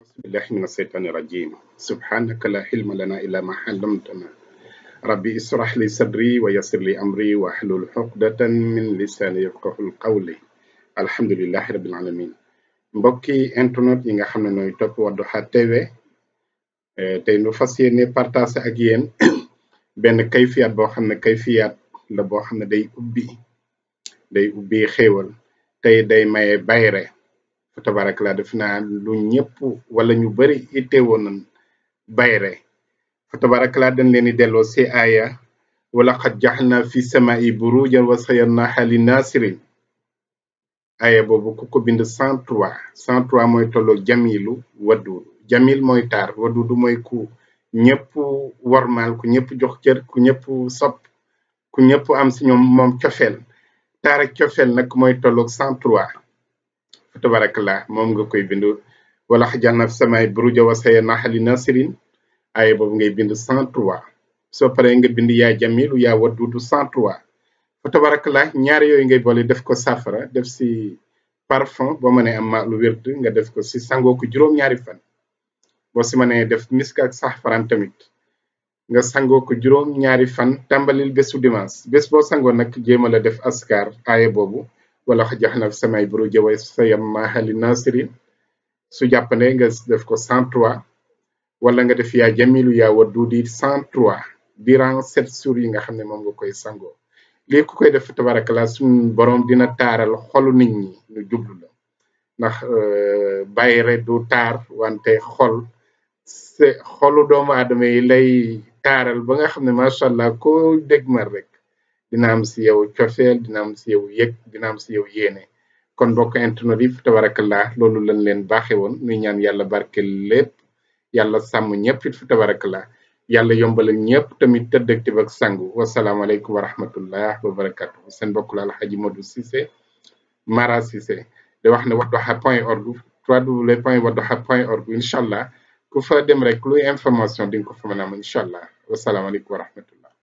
بسم الله من الشيطان الرجيم سبحانك لا علم لنا إلا ما علمتنا ربي اشرح لي صدري ويسر لي أمري واحلل عقدة من لساني يفقه القول الحمد لله رب العالمين mbokki internet yi nga xam ne nooy topp Wadduha TV tey nu fas yéene partage ak yéen benn kayfiyaat boo xam ne kayfiyaat la boo xam ne day ubbi day ubbi xéewal tey day maye bayre tabarakallah def na lu ñepp wala ñu bari ité wonon bayre tabarakallah dañ leen delo ci aya wala qad jahna fi samai burujan wa sayannaha halin nasir aya bobu ku ko bind 103 103 moy tolo jamilu wadud jamil moy tar wadudu moy ku ñepp warmal ku ñepp jox cer ku ñepp sop ku ñepp am ci ñom mom ciofel tar ak ciofel nak moy tolo 103 tabarakallah mom nga koy bindu wala hajjana samay buruja wa saya naxali nasirin ay bobu ngay bindu 103 so pare nga bindu ya jamilu ya wadudu 103 fa tabarakallah ñaar yoy ngay bolé def ko safara def ci parfum bo mané am lu wert nga def ko si sango ko juroom ñaari fan bo si mané def misk ak safaran tamit nga sango ko juroom ñaari fan tambalil besu dimanche bes bo sango nak jema la def askar ay bobu walaxajaxna samay buruja wa sayyamnaaha linnasiri su jàppande nga def ko 103 wala nga def yaa jamilu yaa waduudi 103 durant sept jours yi nga xam ne moom nga koy sangoo lii ku koy def tabarakallah suñ borom dina taaral xolu nit ñi jublu la ndax euh, bayre du taar wante xol xolu doomu aadama yi lay taaral ba nga xam ne macha allah ko dégmal rek dina am si yow e cofeel dina am si yow e yek dina am si yow e yene kon mbokk internet yi fi tabarakallah loolu lañ leen baaxe woon nuy ñaan yàlla barke lépp yàlla sàmm ñëpp fi tabarakallah yàlla yombalal ñëpp tamit tëdd ak tibak sangu wasalaamaaleykum wa rahmatullah wa barakatu sen mbokk la alxaji Modou Cissé Mara Cissé de wax ne wadduha point org ku fa dem rek information ko fa wa rahmatullah